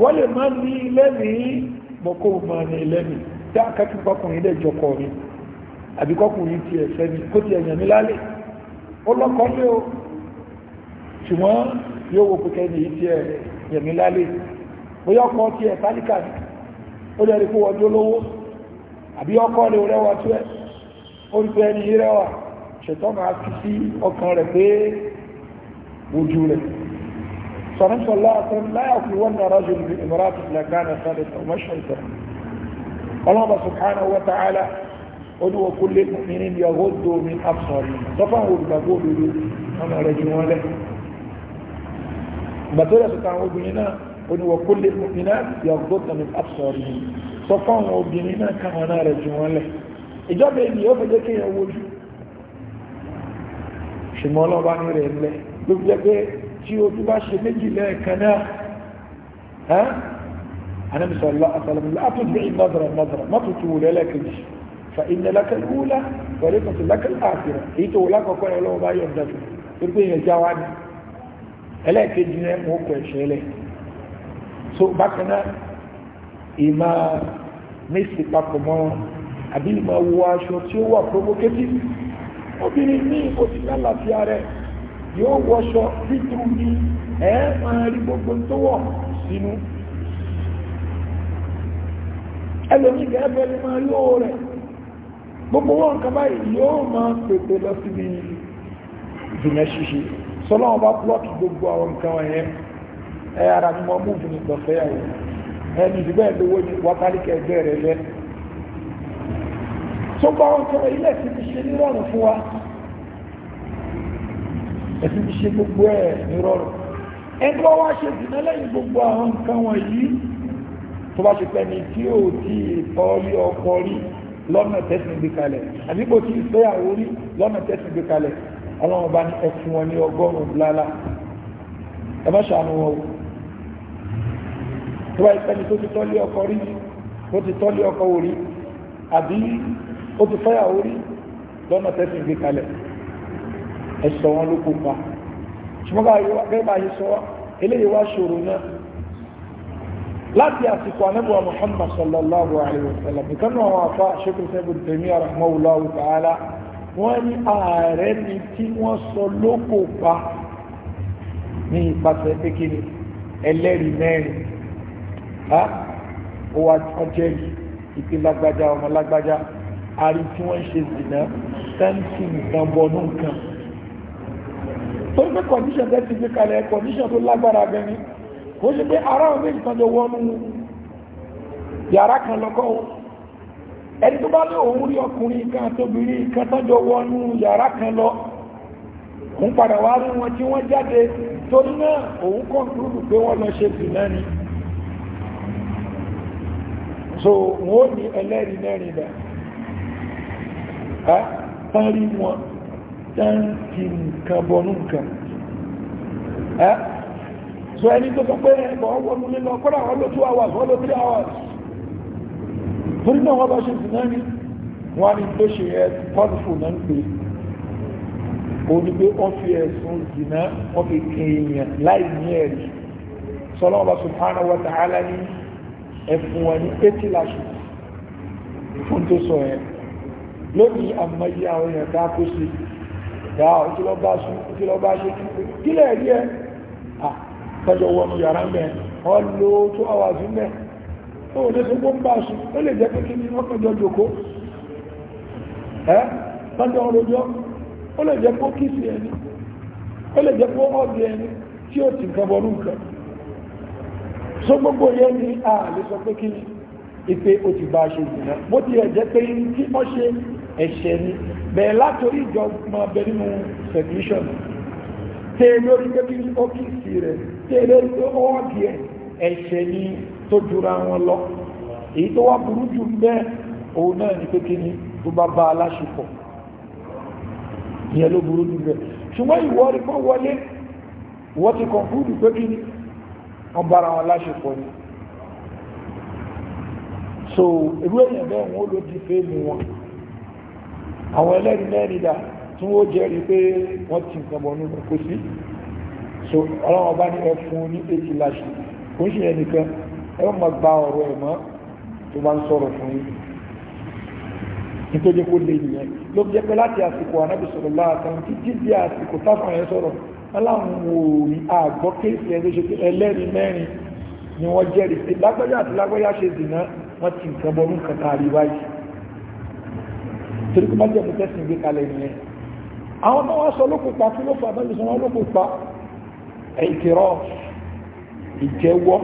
wọ́n lè má ní lẹ́mìí mọ́kó máa ní lẹ́mìí dá akẹ́kọ̀ọ́ kọkùnrin dẹ̀ jọkọ̀ mi àbí kọkùnrin ti ẹ̀fẹ́ mi kó ti ẹ̀yàn mi lálẹ́ ó lọ́kọ́ lé o ṣùgbọ́n yóò wo pẹ̀kẹ́ ní ti ẹ̀yàn mi lálẹ́ bóyá ọkọ̀ ti ẹ̀ tálíkà ní ó lè rí kó wọ́n jó lówó àbí ọkọ̀ lè rẹwà tó ẹ̀ ó rí pé ẹni rẹwà ṣètọ́ máa fi sí ọkàn rẹ̀ pé ojú rẹ̀ صلى الله عليه وسلم لا يكون رجل بامرأة إلا كان ثالث أو مشهد ọlọ́ọ̀bà subhanahu wa ta'ala oníwọ̀ kó lé mìíràn ní ọgọ́ tó mi absọ̀rì sọ́fà àwọn olùgbàgbọ́ òdodo ọmọ rẹ̀ jù wọ́n lẹ̀ ìgbà tó rẹ̀ sọ́tà àwọn obìnrin náà oníwọ̀ kó lé mìíràn ní ọgọ́ mi absọ̀rì sọ́fà àwọn obìnrin náà rẹ̀ jù wọ́n ànábì sallallahu alaihi wasallam látúgbìn mọ́dọ̀rọ̀ mọ́dọ̀rọ̀ mọ́tútù wùlẹ̀ lẹ́kẹ̀jì fa iná lákàlúlá wọlé tó ti lákàlàkìrà èyí tó wùlá kọ̀kọ́ yẹn lọ́wọ́ bá yọ̀ dàbí wípé yẹn já wá ní ẹlẹ́ẹ̀kejì yẹn mú kọ ẹ̀ṣẹ̀ lẹ̀ so bákan náà ìmọ̀ mẹ́sì papọ̀ mọ́ àbí ìmọ̀ wo aṣọ tí ó wà provocative obìnrin ní òsì lálàáfíà rẹ̀ yóò wọṣọ bí tùrù ní ẹ̀ẹ́ máa rí gbogbo tó wọ̀ sínú ẹlòmí gẹ́gẹ́ lè máa yóò rẹ̀ gbogbo wọn nǹkan báyìí yóò máa pèpè lọ sí ní jùmọ̀ ṣíṣe sọlọ́ wọn bá blọ́ọ̀kì gbogbo àwọn nǹkan wọ̀nyẹn ẹ ara mi mọ́ múùfù ní gbọ̀fẹ́ yàwó ẹni ìdìbò ẹ̀lówó ni wákàlíkà ẹgbẹ́ rẹ̀ lẹ́ tó bá ẹ̀sìn ti ṣe gbogbo ẹ̀ nírọ̀rùn ẹgbẹ́ wa ṣe dìnnà gbogbo àwọn nǹkan wọ̀nyí tó bá ti pẹ́ni tí ó ti tọ́lé ọkọ rí lọ́nà tẹ́sìn gbé kalẹ̀ àbí kò tí ì fẹ́yàwó rí lọ́nà tẹ́sìn gbé kalẹ̀ ọlọ́run bá ní ẹfun wọn ní ọgọ́rùn-ún lálá ẹ bá ṣàánú wọn o tó bá ìpẹ́ni tó ti tọ́lé ọkọ rí ó ti tọ́lé ọkọ wò rí àbí ó ti fẹ́yàwó rí lọ́nà tẹ́sìn gbé kalẹ̀ ẹ̀sọ̀ wọn ló kópa ṣùgbọ́n bá yẹ wá eléyìí wá ṣòro náà láti àsìkò anábọ̀ muhammad sallallahu alayhi wa sallam ìkànnì àwọn afa sheikh ibn taymiyyah rahimahullahu ta'ala wọ́n ní ààrẹ ni tí wọ́n sọ lóko pa ní ìpàṣẹ pékèrè ẹlẹ́rìí mẹ́rin ha ó wá ọjẹ́rì ìpín lágbájá ọmọ lágbájá àrí tí wọ́n ṣe zìnà tẹ́ǹtì nǹkan bọnú nǹkan tó ń kọ̀díṣàn tẹ́ǹtì gbé kalẹ̀ kọ̀díṣàn tó lágbára gan O sí pé ará omi ìtànjọ wọnú yàrá kan lọ́kọ́ ẹni tó bá ní òun rí ọkùnrin kan tóbìnrin kan tọ́jọ wọnú yàrá kan lọ òun padà wá rí wọn tí wọ́n jáde torí náà òun kọ́nkúrúdù pé wọ́n lọ ṣe so wọ́n ní ẹlẹ́rìí mẹ́rin dà á wọn nǹkan so ẹni tó tó pé ẹgbọ̀ ọwọ́nú lílọ kọ́nà wọ́n ló 2 hours wọ́n ló 3 hours torí náà wọ́n bá ṣe sí náà ní wọ́n ni tó ṣe ẹ pọ́nfù náà ń pè ó ní pé wọ́n fi ẹ̀sùn ìdìná wọ́n fi kéèyàn láì ní ẹ̀rí sọ́lọ́ ọba subhanahu wa ta'ala ní ẹ̀fún wọn ní 80 láṣù fún tó sọ ẹ lónìí àmọ́yí àwọn èèyàn ká kó sí dáa ojúlọ́bá ṣe kílẹ̀ rí ẹ tọ́jọ wọnú yàrá mẹ́ wọ́n lo tó àwà sí mẹ́ ó lè tó gbọ́n bá sùn ó lè jẹ́ pẹ́kí ní ọkọ̀jọ́ jòkó ẹ́ tọ́jọ ọrọ̀jọ́ ó lè jẹ́ pọ́ ẹni ó lè jẹ́ pọ́ ẹni tí ó ti gbọ́nú nǹkan so gbogbo yẹn ni a lè sọ pé kí ipe ó ti bá ṣe ìdìnnà bó ti ẹ̀ jẹ́ pé kí wọ́n ṣe ẹ̀ṣẹ̀ ni bẹ̀ẹ̀ látòrí ìjọba bẹ nínú sẹ̀kúríṣọ̀nù tẹ́ lórí pé kí ó kìsì rẹ̀ tẹ̀lé tó ọ́ọ̀dì ẹ̀ ẹ̀ṣẹ̀ ni tó jura wọn lọ èyí tó wá burú jù bẹ́ òun náà ní pé kíni tó bá bá aláṣepọ̀ ìyẹn ló burú jù bẹ́ ṣùgbọ́n ìwọ rí mọ́ wọlé wọ́n ti kọ̀ǹkúrù pé kíni wọ́n bára wọn láṣepọ̀ ni so irú èèyàn bẹ́ẹ̀ wọ́n ló di fẹ́ẹ̀mù wọn àwọn ẹlẹ́rìí mẹ́rin dà tí wọ́n jẹ́rìí pé wọ́n ti nǹkan bọ̀ nínú kò sí so ọlọ́wọ́ bá ní ẹfún ní ètì láṣì kò ń ṣe ẹnìkan ẹ wọ́n máa gba ọ̀rọ̀ ẹ̀ mọ́ tó bá ń sọ̀rọ̀ fún yín nítorí kó lè nìyẹn ló jẹ́ pé láti àsìkò ànábì sọ̀rọ̀ láàtàn títí di àsìkò táfà yẹn sọ̀rọ̀ aláwọn òòrùn àgbọ́ kéèsì ẹ̀ ló ṣe pé ẹlẹ́rìí mẹ́rin ni wọ́n jẹ́rìí pé lágbájá àti lágbájá ṣe dìná wọ́n ti nǹkan bọ́ nǹkan tá a rí báyìí torí kó má jẹ́ mi tẹ́sìn gbé kalẹ̀ nìyẹn àwọn náà wá sọ lókùpa kí ló fà náà lè sọ wọn lókùpa ẹ̀ǹtìrọ̀ ìjẹ́wọ́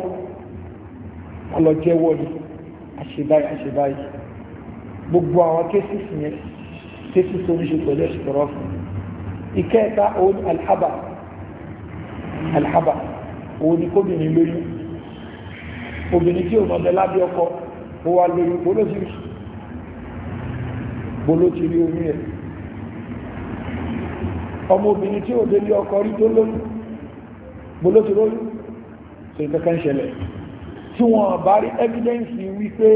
ọlọ́jẹ́wọ́ ni àṣebáyé àṣebáyé gbogbo àwọn kéṣìṣì yẹn kéṣìṣì oníṣe pẹ̀lú ẹ̀ṣìkọ̀rọ̀ fún ìkẹta òun alhaba alhaba òun ni kóbìnrin lóyún obìnrin tí òun ọdẹ lábẹ́ ọkọ ó wá lóyún bolóṣìírí bolóṣìírí omi ẹ̀ ọmọ obìnrin tí òun délé ọkọ rí tó lóyún gbólóti lórí so ìkẹ́kẹ́ ń ṣẹlẹ̀ tí wọ́n bá rí evidence wípé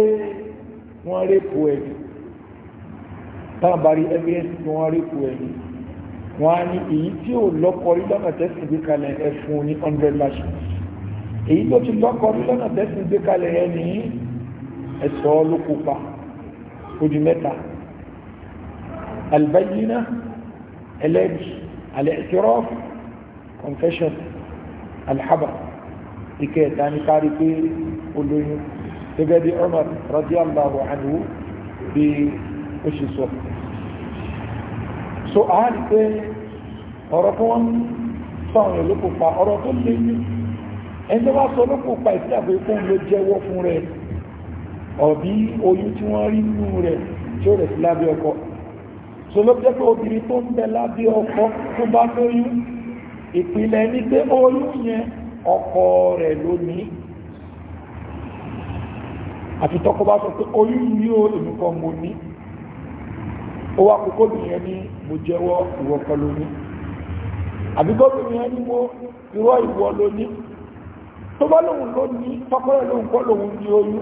wọ́n rẹ́pù ẹ̀dì táwọn bá rí evidence tí wọ́n rẹ́pù ẹ̀dì wọ́n á ní èyí tí ò lọ́kọ rí lọ́nà tẹ́sí gbé kalẹ̀ ẹ̀fún ní 100 lashes èyí tó ti lọ́kọ rí lọ́nà tẹ́sí gbé kalẹ̀ ẹ̀ ní ẹ̀sọ́ ló odi mẹ́ta albayina ẹlẹ́dì alẹ́ ìtìrọ́fù confession alhaba ìkẹta ní kárí pé olóyún gẹ́gẹ́ bí Umar radiyallahu anhu bí ó ṣe sọ so a rí pé ọ̀rọ̀ tó wọ́n sọ̀rọ̀ lókò pa ọ̀rọ̀ tó lé ní ẹni tó bá sọ lókò pa ìsìlẹ̀ pé kóun ló jẹ́wọ́ fún rẹ̀ ọ̀bí oyún tí wọ́n rí nínú rẹ̀ tí ó rẹ̀ sí lábẹ́ ọkọ so ló jẹ́ pé obìnrin tó ń bẹ lábẹ́ ọkọ tó bá lóyún ìpìlẹ̀ ní pé oyún yẹn ọkọ rẹ̀ lónìí àti tọ́kọ bá sọ pé oyún ní o èmi mo ní ó wá kókó nìyẹn ní mo jẹ́wọ́ ìwọ kan lónìí àbí gómìnà yẹn ní mo irọ́ ìwọ lónìí tó bá lóhun lónìí tọ́kọ rẹ̀ lóhun kọ́ lóhun ní oyún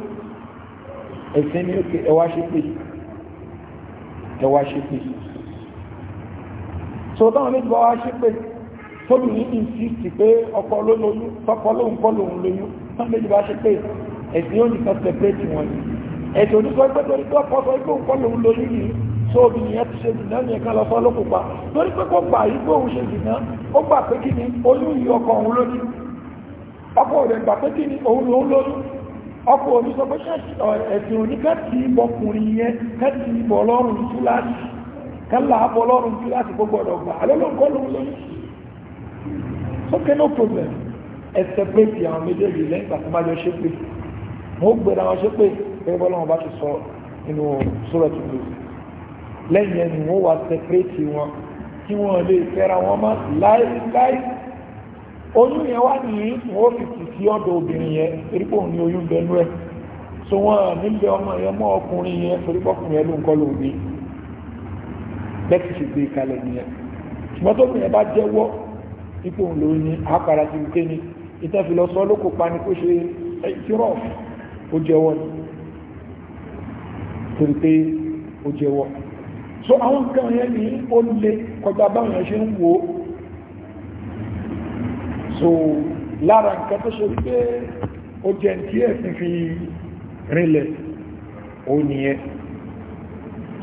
ẹ̀sìn ní òkè ẹwà ṣe pé ẹwà ṣe pé so táwọn méjì bá wá ṣe pé tóbi ní ìsìsì pé ọkọ lóyún tọkọ lóhun kọ́ lóhun lóyún tán méjì bá ṣe pé ẹ̀sìn yóò nìkan sẹpẹ́tì wọn ni ẹ̀sìn oníkọ́ pé torí pé ọkọ sọ pé òun kọ́ lóhun lóyún ni tó omi nìyẹn ti ṣe dìná ní ẹ̀ka lọ́sọ́ ló pupa torí pé kó gbà yí pé òun ṣe dìná ó gbà pé kí ni oyún yìí ọkọ òun lónìí ọkọ rẹ̀ gbà pé kí ni òun lòún lóyún ọkọ òní sọ pé ẹ̀sìn òní kẹ́tì ìbọkùnrin yẹn kẹ́tì ìbọ̀ ọlọ́run tú láti kẹ́là ábọ̀ ọlọ́run tú láti gbogbo ọ̀dọ̀ gbà alẹ́ ló ń kọ́ lóhun lóyún okay no problem ẹ separate àwọn méjèèjì lẹ́yìn ìgbà tó bá yọ ṣépè mo gbéra wọn ṣépè pé bọ́lá wọn bá ti sọ nínú sọ́rọ̀ tó lò lẹ́yìn ẹni wọ́n wá separate wọn tí wọ́n lè fẹ́ra wọn mọ́ láíláí oyún yẹn wá ní wọ́n fi tì sí ọ̀dọ̀ obìnrin yẹn torí pé òun ní oyún bẹnu ẹ̀ so wọ́n nílé ọmọ yẹn mọ́ ọkùnrin yẹn torí pé ọkùnrin yẹn ló ń kọ́ lóbi bẹ́ẹ̀ ti ṣe gbé kalẹ̀ nìyẹn ṣùgbọ́n tóbi yẹn bá jẹ́wọ́ ipò òun ló ní àpàrà ti wùké ni ìtàn fìlọsọ ló kò pa ni kó ṣe ìtìrọ ó jẹ́wọ́ ni torí pé ó jẹ́wọ́ so àwọn nǹkan yẹn ni ó lè kọjá báwọn yẹn ṣe ń wò ó so lára nǹkan tó ṣe pé ó jẹ́ tí ẹ̀sìn fi rinlẹ̀ ó nìyẹn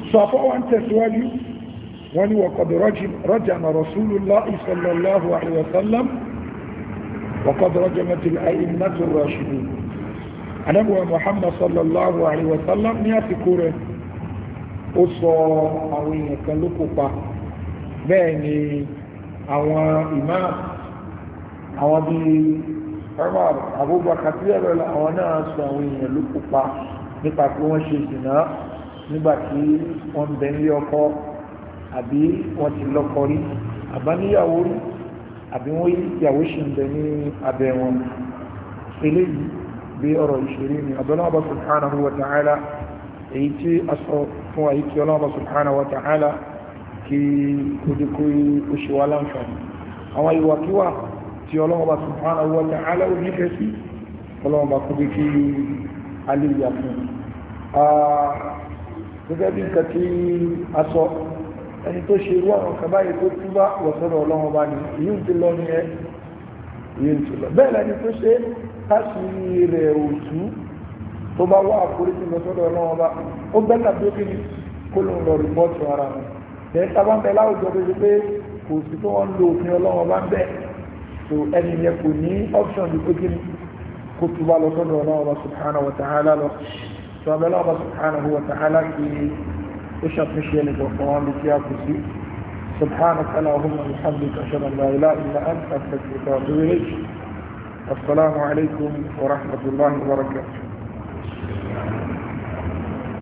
so àfọwọ́n tẹ̀síwájú wọ́n ní wọ̀kọ̀dọ̀ rọ́jàmà rasulullahi sallallahu alaihi wasallam wọ̀kọ̀dọ̀ rọ́jàmà tí àìmọ́tò rọ̀ṣìdì anábùwà muhammad sallallahu alaihi wasallam ní àsìkò rẹ̀ ó sọ àwọn èèyàn kan ló kópa bẹ́ẹ̀ ni àwọn imam àwọn bí Umar Abubakar tí ẹ̀rọ àwọn náà sọ àwọn èèyàn ló kópa nípa pé wọ́n ṣe ìsìnà nígbàtí wọ́n bẹ̀ ń lé àbí wọ́n ti lọ́kọ rí àbá níyàwó rí àbí wọ́n yàwó ṣì ń bẹ ní abẹ́ wọn eléyìí bí ọ̀rọ̀ ìṣeré ni àbọ́láwọ́bá subhanahu wa ta'ala èyí tí a sọ fún àyí tí ọlọ́wọ́bá subhanahu wa ta'ala kí kòdíkò oṣù wa láǹfààní àwọn ìwàkíwà tí ọlọ́wọ́bá subhanahu wa ta'ala ò nífẹ́ sí ọlọ́wọ́bá kòdíkì alíyà fún gẹ́gẹ́ bí nǹkan tí a sọ ẹni tó ṣe irú àwọn kaba yìí tó tú bá wọ̀sọ̀rọ̀ ọlọ́run ọba ni ìyí ti lọ ní ẹ ìyí ti lọ bẹ́ẹ̀ lẹni tó ṣe káṣí rẹ̀ òtú tó bá wá àforíjì lọ́sọ̀rọ̀ ọlọ́run ọba ó bẹ́ẹ̀ tó kí ni kó ló ń lọ rìpọ́ọ̀tù ara wọn ẹ̀ sábà ń bẹ láwùjọ tó ṣe pé kò sí tó wọ́n ń lo òfin ọlọ́run ọba ń bẹ̀ so ẹni yẹn kò ní option bí pé kí ni kó tú bá lọ́sọ̀rọ̀ ọlọ́run ọba subhanahu wa ta'ala lọ sọ abẹ́lẹ́ ọba subhanahu wa ta'ala kì í ó ṣàtúnṣe ẹnìkan fún wọn bí kí a kù سبحانك اللهم وبحمدك اشهد ان لا اله الا انت استغفرك واتوب اليك السلام عليكم ورحمه الله وبركاته